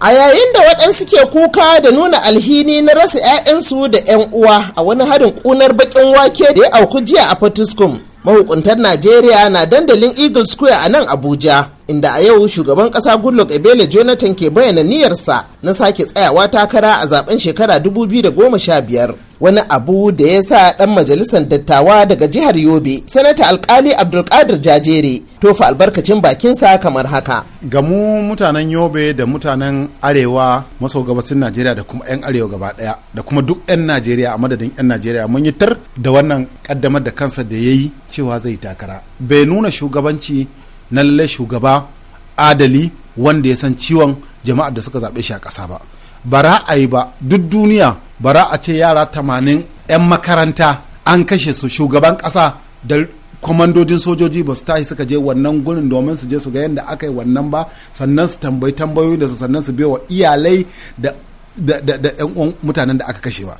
a yayin da waɗansu ke kuka da nuna alhini na rasa 'ya'yansu da 'yan uwa a wani harin ƙunar baƙin wake da ya auku jiya a fatiskum mahukuntar najeriya na dandalin eagle square a nan abuja inda a yau shugaban ƙasa goodluck ebele jonathan ke bayyana niyyarsa na sake tsayawa takara a zaben shekara 2015 wani abu da ya sa ɗan majalisar dattawa daga jihar yobe sanata alkali abdulkadir jajere tofa albarkacin bakinsa kamar haka ga mu mutanen yobe da mutanen arewa maso gabasin najeriya da kuma 'yan arewa gaba daya da kuma duk 'yan najeriya a madadin 'yan najeriya mun yi tar da wannan kaddamar da kansa da ya yi cewa zai takara bai nuna shugabanci na lalle shugaba adali wanda ya san ciwon jama'ar da suka zaɓe shi a ƙasa ba ba ra'ayi ba duk duniya bara a ce yara tamanin 'yan makaranta an kashe su shugaban kasa da kwamandodin sojoji ba su tashi suka je wannan gurin domin su je su ga yadda aka yi wannan ba sannan su tambayi tambayoyi da su sannan su wa iyalai da yan mutanen da aka kashe ba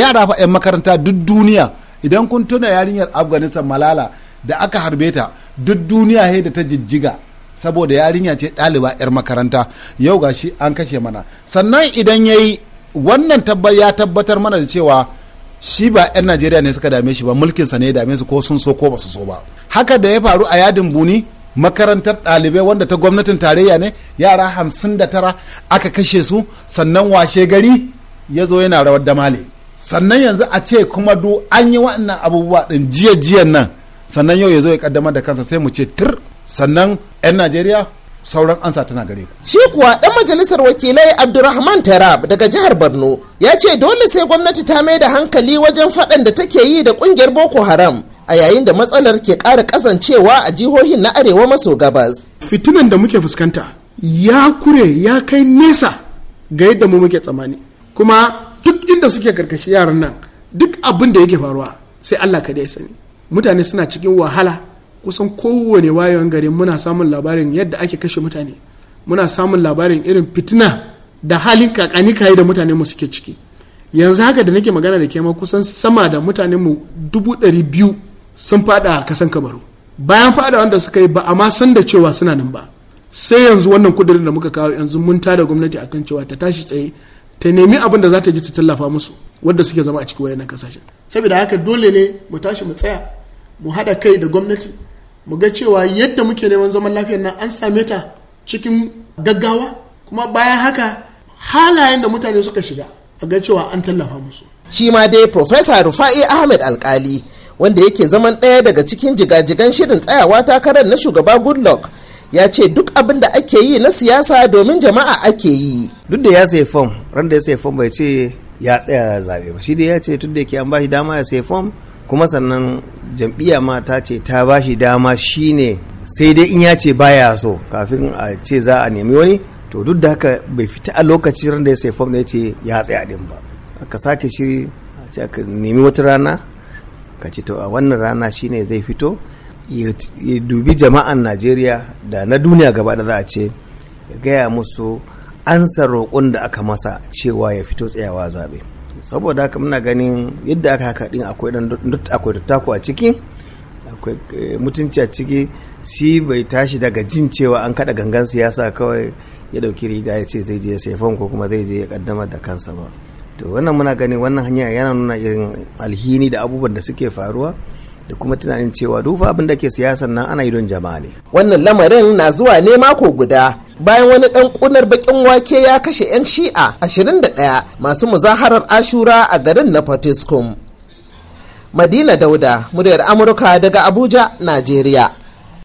yara fa yan makaranta duk duniya idan kun tuna yarinyar afghanistan malala da aka harbe ta duk duniya he da ta jijjiga saboda yarinya ce ɗaliba yar makaranta yau gashi an kashe mana sannan idan yayi wannan tabbai ya tabbatar mana da cewa shi ba 'yan najeriya ne suka dame shi ba sa ne ya dame su ko sun so ko ba su so ba haka da ya faru a yadin buni makarantar ɗalibai wanda ta gwamnatin tarayya ne yara hamsin da tara aka kashe su sannan washe gari ya zo yana rawar damale sannan yanzu a ce kuma du an yi wannan abubuwa ɗin jiya jiyan nan sannan yau ya zo ya kaddamar da kansa sai mu ce tir sannan 'yan najeriya sauran ansa tana gare ku. Shi kuwa ɗan majalisar wakilai Abdurrahman Tarab daga jihar Borno ya ce dole sai gwamnati ta mai da hankali wajen faɗan da take yi da ƙungiyar Boko Haram a yayin da matsalar ke ƙara ƙasancewa a jihohin na arewa maso gabas. Fitinan da muke fuskanta ya kure ya kai nesa ga yadda mu muke tsammani kuma duk inda suke karkashi yaran nan duk abin da yake faruwa sai Allah ka ya sani mutane suna cikin wahala kusan kowane wayan gari muna samun labarin yadda ake kashe mutane muna samun labarin irin fitina da halin kakani da mutane mu suke ciki yanzu haka da nake magana da kema kusan sama da mutane mu dubu ɗari biyu sun fada a kasan kabaru bayan fada wanda suka yi ba a ma san da cewa suna nan ba sai yanzu wannan kudirin da muka kawo yanzu mun tada gwamnati akan cewa ta tashi tsaye ta nemi abin da za ta ji ta tallafa musu wadda suke zama a cikin wayannan kasashen saboda haka dole ne mu tashi mu tsaya mu haɗa kai da gwamnati mu ga cewa yadda muke neman zaman lafiyar nan an same ta cikin gaggawa kuma bayan haka halayen da mutane suka shiga a ga cewa an tallafa musu shi ma dai Profesa Rufa'i Ahmed Alkali wanda yake zaman ɗaya daga cikin jigajigan shirin tsayawa takarar na shugaba Goodluck ya ce duk abin da ake yi na siyasa domin jama'a ake yi. Duk da ya sai fom, ran da ya sai fom bai ce ya tsaya zaɓe ba. Shi dai ya ce tun da yake an ba shi dama ya sai fom kuma sannan jam'iyya ma ta ce ta ba shi dama shine sai dai in ya ce baya so kafin a ce za a nemi wani to duk da haka bai fita a lokacin da ya sai fom da ya ce ya tsaya din ba aka sake shiri a ce aka nemi wata rana ka ce to a wannan rana shine zai fito ya dubi jama'an najeriya da na duniya gaba da za a ce ya gaya musu ansa roƙon da aka masa cewa ya fito tsayawa zaɓe saboda haka muna ganin yadda aka haka din akwai akwai a ciki akwai eh, mutunci a ciki shi bai tashi daga jin cewa an kada gangan siyasa kawai ya dauki riga ya ce zai je ya saifan ko kuma zai je ya kaddamar da kansa ba to wannan muna ganin wannan hanya yana nuna irin alhini da abubuwan da suke faruwa da kuma tunanin cewa duk abin da ke siyasan nan ana yi don jama'a ne wannan lamarin na zuwa ne mako guda bayan wani dan kunar bakin wake ya kashe 'yan shi'a 21 masu muzaharar ashura a garin na Fatiskum. Madina Dauda, muryar Amurka daga Abuja, nigeria.